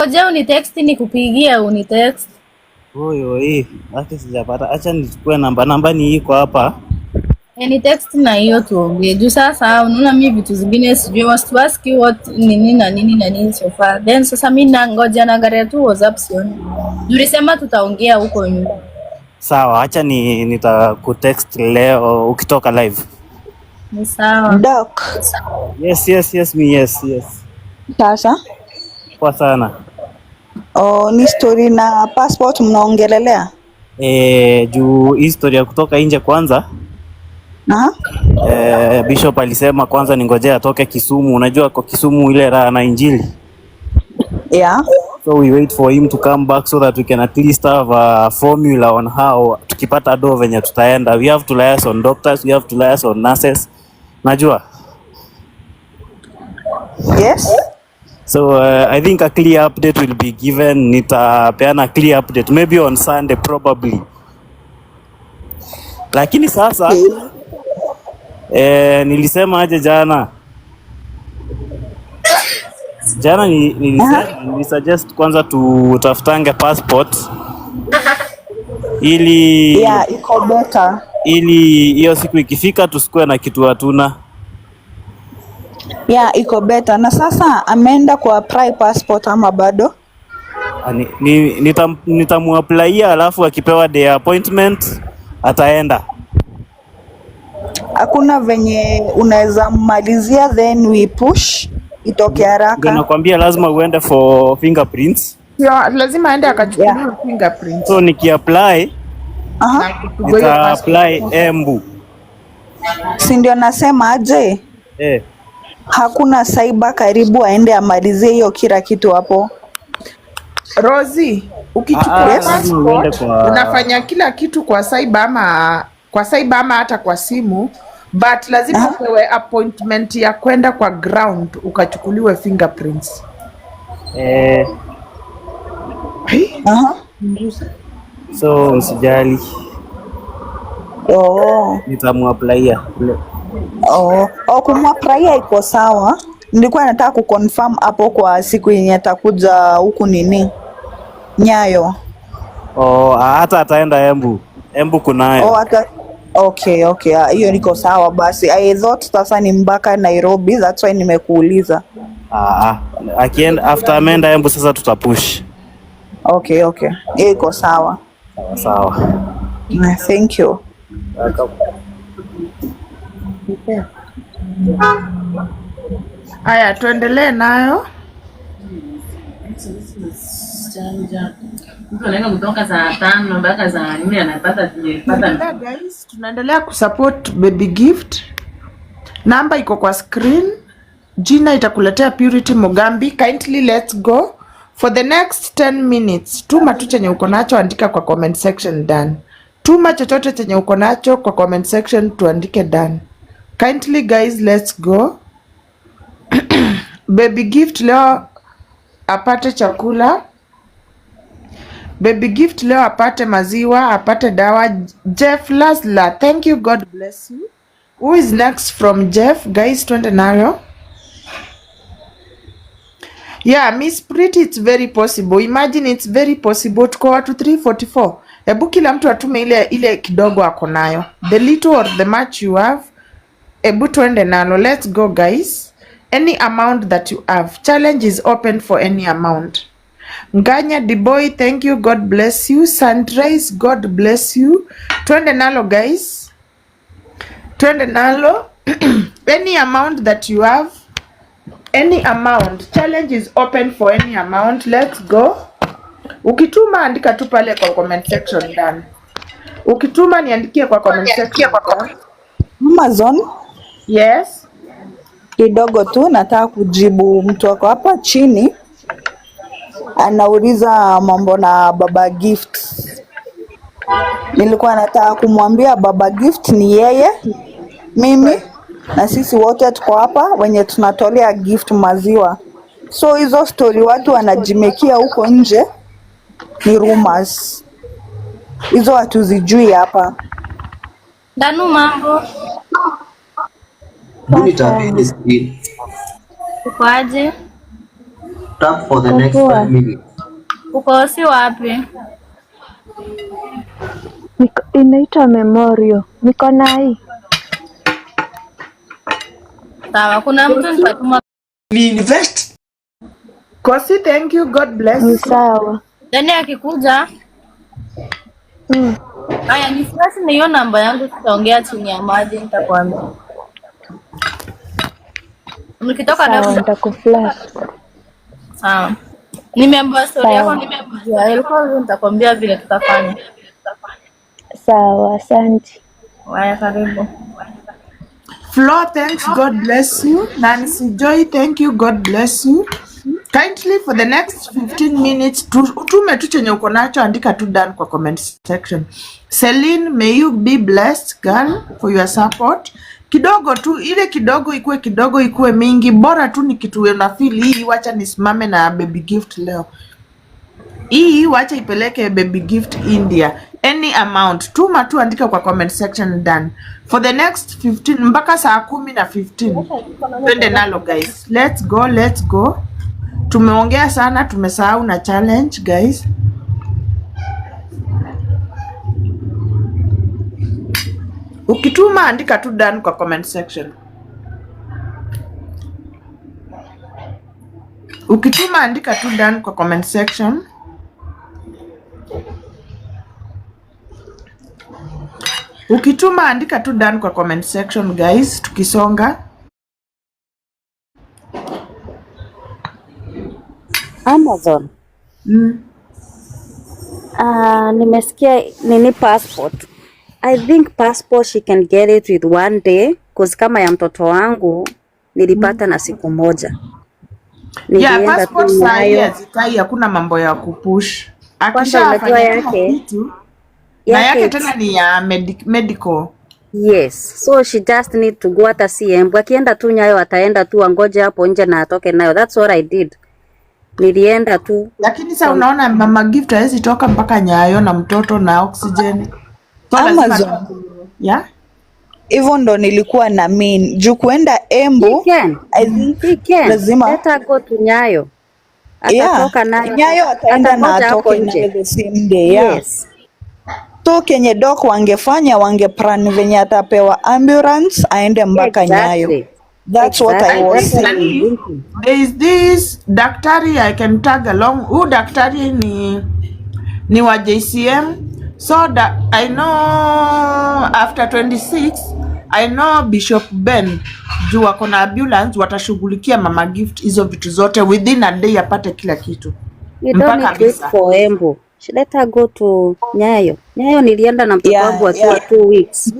Ngoja unitext nikupigie, unitext. Oi, oi, eh, hata sijapata. Acha nichukue namba, namba ni iko hapa. E, eh, ni text na hiyo tuongee juu. Sasa unaona mimi vitu zingine sijui was to ask you what nini na nini na nini so far. Then sasa mimi na ngoja na gari tu WhatsApp sioni. sema tutaongea huko nyuma. Sawa, acha ni text leo ukitoka live. Ni sawa. Doc. Yes, yes, yes, me yes, yes. Sasa. Kwa sana. Oh, ni story na passport mnaongelelea? Eh, juu history ya kutoka nje kwanza. Aha. Eh, Bishop alisema kwanza ningojea atoke Kisumu, unajua kwa Kisumu ile raha na Injili. Yeah. So we wait for him to come back so that we can at least have a formula on how tukipata do venye tutaenda. We have to liaise on doctors, we have to liaise on nurses. Najua? Yes. So uh, I think a clear update will be given. Nitapeana clear update maybe on Sunday probably, lakini sasa eh, nilisema aje jana jana nilisuggest ni kwanza tutafutange passport ili yeah, iko better, ili hiyo siku ikifika tusikuwe na kitu hatuna Yeah, iko beta. Na sasa ameenda kwa apply passport ama bado? Ah, Nitamuaplaia, nita alafu akipewa the appointment ataenda. Hakuna venye unaweza malizia, then we push itoke haraka. Nakwambia lazima uende for fingerprints. Yeah, lazima aende akachukuliwa yeah, fingerprints. So nikiapply nitaapply Embu, si ndio? Nasema aje? Eh hakuna saiba karibu, aende amalizie hiyo kila kitu hapo. Rozi, ukichukua ah, ah, passport unafanya kila kitu kwa saiba ama kwa saiba ama hata kwa simu, but lazima ah. upewe ah, appointment ya kwenda kwa ground ukachukuliwe fingerprints eh. Aha. So usijali. Oh. Nitamuaplaia Oh, oh kumwapraia iko sawa. Nilikuwa nataka kuconfirm hapo kwa siku yenye atakuja huku nini Nyayo. Oh, hata ataenda Embu. Embu kunayo. Oh, ata... Okay, okay. Ah, hiyo niko sawa basi. I thought sasa ni mpaka Nairobi, that's why nimekuuliza. Ah, again ah. after ameenda Embu sasa tutapush. Okay, okay. Hiyo iko sawa. Sawa. Ah, thank you. Welcome. Haya, tuendelee nayo. Tunaendelea kusupport Baby Gift, namba iko kwa screen, jina itakuletea Purity Mogambi. Kindly let's go for the next 10 minutes. Tuma tu chenye uko nacho, andika kwa comment section done. Tuma chochote chenye uko nacho kwa comment section, tuandike done. Kindly guys, let's go. Baby Gift leo apate chakula. Baby Gift leo apate maziwa, apate dawa. Jeff Lasla, thank you, God bless you. Who is next from Jeff? Guys, twende nayo. Yeah, Miss Pretty, it's very possible. Imagine it's very possible. Tuko watu 344. Ebu kila mtu atume ile ile kidogo ako nayo. The little or the much you have. Ebu twende nalo, let's go guys. Any amount that you have, challenge is open for any amount. Nganya Deboy, thank you, God bless you. Sunrise, God bless you. Twende nalo guys, twende nalo any amount that you have, any amount. Challenge is open for any amount. Let's go. Ukituma andika tu pale kwa comment section ndani. Ukituma niandikie kwa comment section. Amazon Yes. Kidogo tu nataka kujibu mtu wako hapa chini anauliza mambo na Baba Gift. Nilikuwa nataka kumwambia Baba Gift ni yeye, mimi na sisi wote tuko hapa wenye tunatolea gift maziwa. So hizo story watu wanajimekia huko nje ni rumors, hizo hatuzijui hapa. Danu mambo Ukoaje? Uko si wapi? Inaitwa Memorial. Niko nai. Sawa, kuna mtu nitatuma. Kosi, thank you, God bless. Ni sawa. Then yaani akikuja. Mm. Aya, nifuasi na hiyo namba yangu, tutaongea chini ya maji nitakwambia mkitoka na nitakuflash. Sawa, nimeambiwa story yako, nimeambiwa ilikuwa, nitakwambia vile tutafanya. Sawa, asante. Waya, karibu. Flo, thanks, God bless you. Nancy Joy, thank you, God bless you. Kindly for the next 15 minutes utume tu chenye uko nacho, andika tu done kwa comment section. Celine, may you be blessed girl for your support kidogo tu, ile kidogo ikuwe kidogo ikuwe mingi, bora tu ni kitu unafili hii, wacha nisimame na baby gift leo hii, wacha ipeleke baby gift India. Any amount tuma tu, andika kwa comment section done for the next 15 mpaka saa kumi na 15 twende nalo guys, let's go, let's go. Tumeongea sana, tumesahau na challenge guys. Ukituma andika tu Dan kwa comment section. Ukituma andika tu Dan kwa comment section. Ukituma andika tu Dan kwa comment section guys, tukisonga. Amazon. Mm. Uh, nimesikia nini passport I think passport she can get it with one day cause kama ya mtoto wangu nilipata na siku moja. Yeah, passport sahi hakuna mambo ya kupush. Akishafanya yake na yake tena ni ya medic, medical. Yes. So she just need to go at a CM. Wakienda tu Nyayo ataenda tu angoje hapo nje na atoke nayo. That's what I did. Nilienda tu. Lakini sasa unaona mama Gift hawezi toka mpaka Nyayo na mtoto na oxygen. Amazon. Yeah? Hivyo ndo nilikuwa na mean juu kuenda Embu lazima hata go to Nyayo. Atatoka na Nyayo ataenda na atoke nje the same day. Yes. To kenye dok wangefanya wange plan venye atapewa ambulance aende mpaka exactly. Nyayo. That's what I was saying. There is this daktari I can tag along. Huu daktari ni ni wa JCM So that I know after 26 I know Bishop Ben juu wako na ambulance watashughulikia Mama Gift hizo vitu zote within a day apate kila kitu. You don't need wait for Embu. Let her go to Nyayo. Nyayo nilienda na mtoto wangu akiwa two weeks.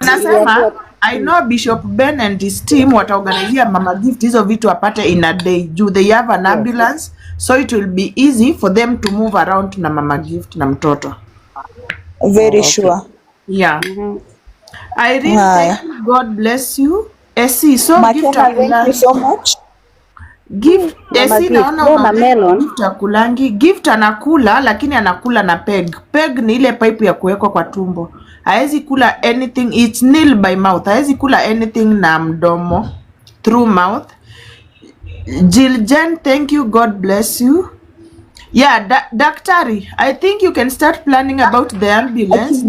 Nasema I know Bishop Ben and his team wataorganizia Mama Gift hizo vitu apate in a day juu they have an ambulance so it will be easy for them to move around na Mama Gift na mtoto very oh, okay. sure. Yeah. mm -hmm. i really thank you. God bless you. Esi, so gift thank you so much. Gift, mm, Esi, naona takulangi gift anakula lakini anakula na peg. Peg ni ile pipe ya kuwekwa kwa tumbo. Haezi kula anything, it's nil by mouth. Haezi kula anything na mdomo through mouth. Jiljen, thank you. God bless you. Yeah, da daktari, I think you can start planning about the ambulance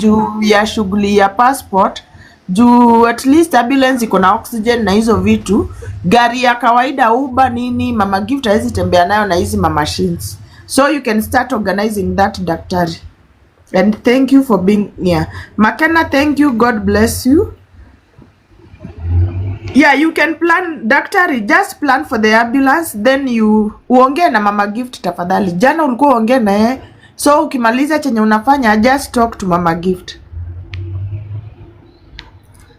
juu ya shughuli ya passport juu at least ambulance iko na oxygen na hizo vitu. Gari ya kawaida uba nini, mama Gift hawezi tembea nayo na hizi mamashines, so you can start organizing that daktari, and thank you for being here. Makena, thank you, God bless you. Yeah, you can plan daktari, just plan for the ambulance then you uongee na mama Gift tafadhali. Jana ulikuwa uongee na yeye, so ukimaliza chenye unafanya just talk to mama Gift.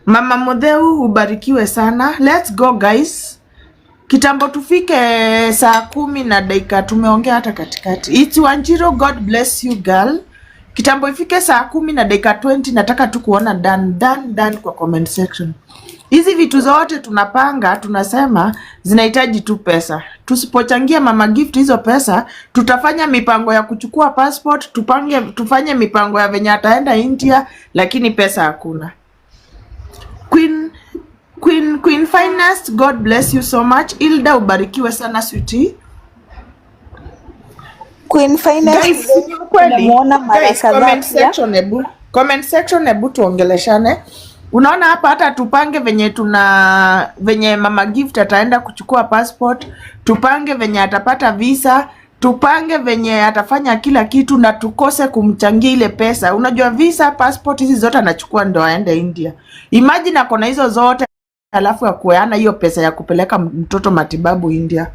Mama Modheu ubarikiwe sana. Let's go guys. Kitambo tufike saa kumi na dakika, tumeongea hata katikati. It's Wanjiro, God bless you girl. Kitambo ifike saa kumi na dakika 20, nataka tu kuona dan dan dan kwa comment section. Hizi vitu zote tunapanga, tunasema zinahitaji tu pesa. Tusipochangia Mama Gift hizo pesa, tutafanya mipango ya kuchukua passport, tupange, tufanye mipango ya venye ataenda India, lakini pesa hakuna. Queen, Queen, Queen Finest, God bless you so much. Ilda, ubarikiwe sana sweetie. Queen Finest, unamuona mara kadhaa. Comment section, hebu tuongeleshane. Unaona hapa hata tupange venye tuna venye mama Gift ataenda kuchukua passport, tupange venye atapata visa, tupange venye atafanya kila kitu na tukose kumchangia ile pesa. Unajua visa, passport hizi zote anachukua ndo aende India. Imagine akona hizo zote alafu akuana hiyo pesa ya kupeleka mtoto matibabu India.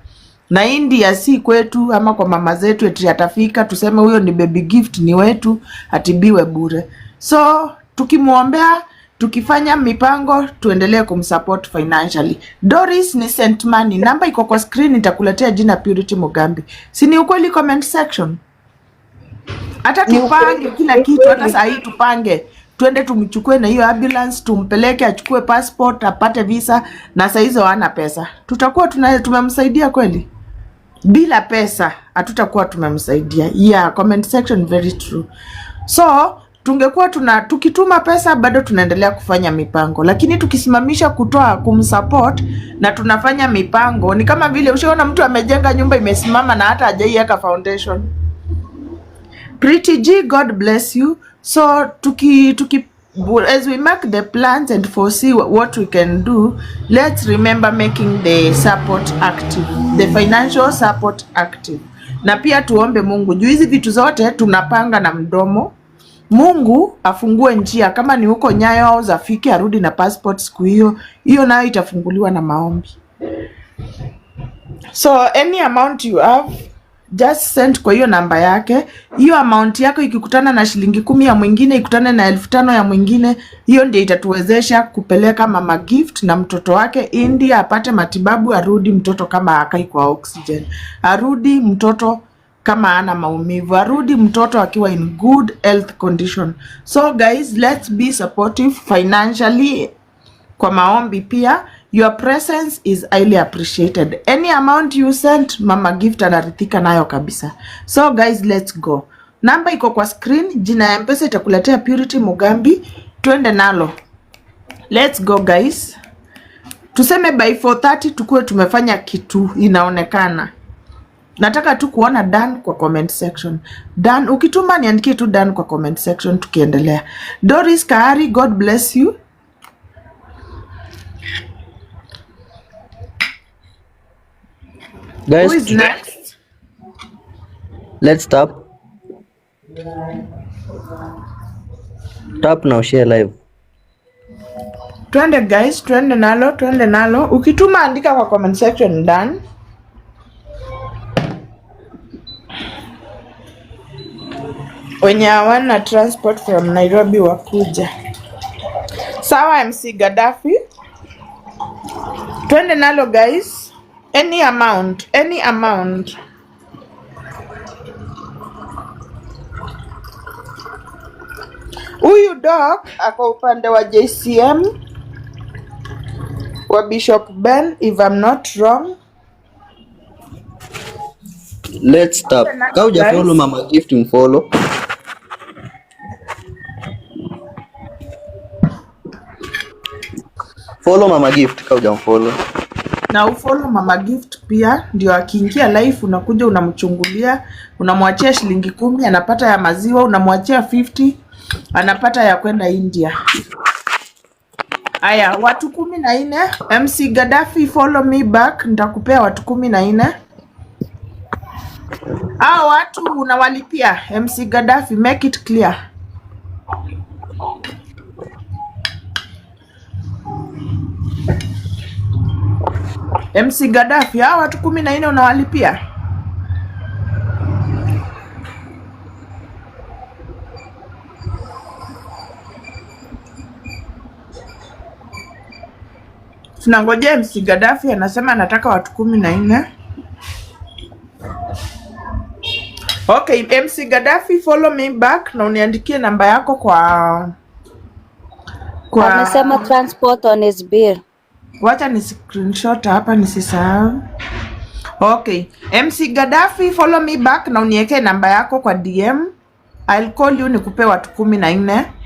Na India si kwetu ama kwa mama zetu eti atafika tuseme huyo ni baby Gift ni wetu atibiwe bure. So tukimwombea tukifanya mipango tuendelee kumsupport financially. Doris ni sent Money, namba iko kwa screen, nitakuletea jina Purity Mugambi. Si ni ukweli comment section? Hata tupange kila kitu, hata saa hii tupange tuende tumchukue na hiyo ambulance tumpeleke, achukue passport apate visa, na saa hizo hana pesa. Tutakuwa tumemsaidia kweli? Bila pesa hatutakuwa tumemsaidia. Yeah, comment section very true. So tungekuwa tuna tukituma pesa bado tunaendelea kufanya mipango, lakini tukisimamisha kutoa kumsupport na tunafanya mipango, ni kama vile ushaona mtu amejenga nyumba imesimama na hata hajaiweka foundation. Pretty G, God bless you. So tuki, tuki as we make the plans and foresee what we can do, let's remember making the support active, the financial support active, na pia tuombe Mungu juu hizi vitu zote tunapanga na mdomo Mungu afungue njia, kama ni huko Nyayo au Zafiki arudi na passport siku hiyo hiyo, nayo itafunguliwa na maombi. So any amount you have just send kwa hiyo namba yake. Hiyo amount yako ikikutana na shilingi kumi ya mwingine, ikutane na elfu tano ya mwingine, hiyo ndio itatuwezesha kupeleka mama gift na mtoto wake India apate matibabu, arudi mtoto kama akai kwa oxygen, arudi mtoto kama ana maumivu, arudi mtoto akiwa in good health condition. So guys, let's be supportive financially kwa maombi pia. Your presence is highly appreciated. Any amount you sent, Mama Gift anarithika nayo kabisa. So guys, let's go. Namba iko kwa screen, jina ya Mpesa itakuletea Purity Mugambi, twende nalo. Let's go guys. Tuseme by 4:30 tukue tumefanya kitu inaonekana nataka tu kuona Dan kwa comment section. Dan ukituma niandikie tu Dan kwa comment section, tukiendelea. Doris Kahari, God bless you. Guys, Who is next? Let's tap. Tap now, share live. Twende guys, twende nalo, twende nalo. Ukituma andika kwa comment section Dan. wenye hawana transport from Nairobi wakuja. Sawa MC Gaddafi, twende nalo guys, any amount, any amount Huyu doc ako upande wa JCM wa Bishop Ben if I'm not wrong. Let's stop. Kauja follow Mama Gift mfollow Follow Mama Gift kama hujamfollow. Na ufollow Mama Gift pia ndio akiingia live unakuja unamchungulia, unamwachia shilingi kumi anapata ya maziwa, unamwachia 50 anapata ya kwenda India. Aya, watu kumi na nne. MC Gaddafi follow me back, nitakupea watu kumi na nne. Hao watu unawalipia. MC Gaddafi make it clear. MC Gaddafi, hawa watu kumi na nne unawalipia tunangojea MC Gaddafi anasema anataka watu kumi na nne. Okay, MC Gaddafi follow me back na uniandikie namba yako kwa kwa amesema transport on his bill wacha ni screenshot hapa nisisahau. Okay, MC Gaddafi, follow me back na uniekee namba yako kwa DM. I'll call you nikupe watu kumi na nne